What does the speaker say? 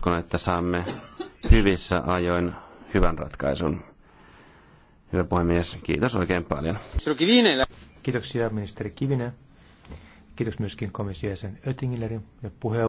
uskon, että saamme hyvissä ajoin hyvän ratkaisun. Hyvä puhemies, kiitos oikein paljon. Kiitoksia ministeri Kivinen. Kiitos myöskin komission jäsen Oettingillerin ja puhe.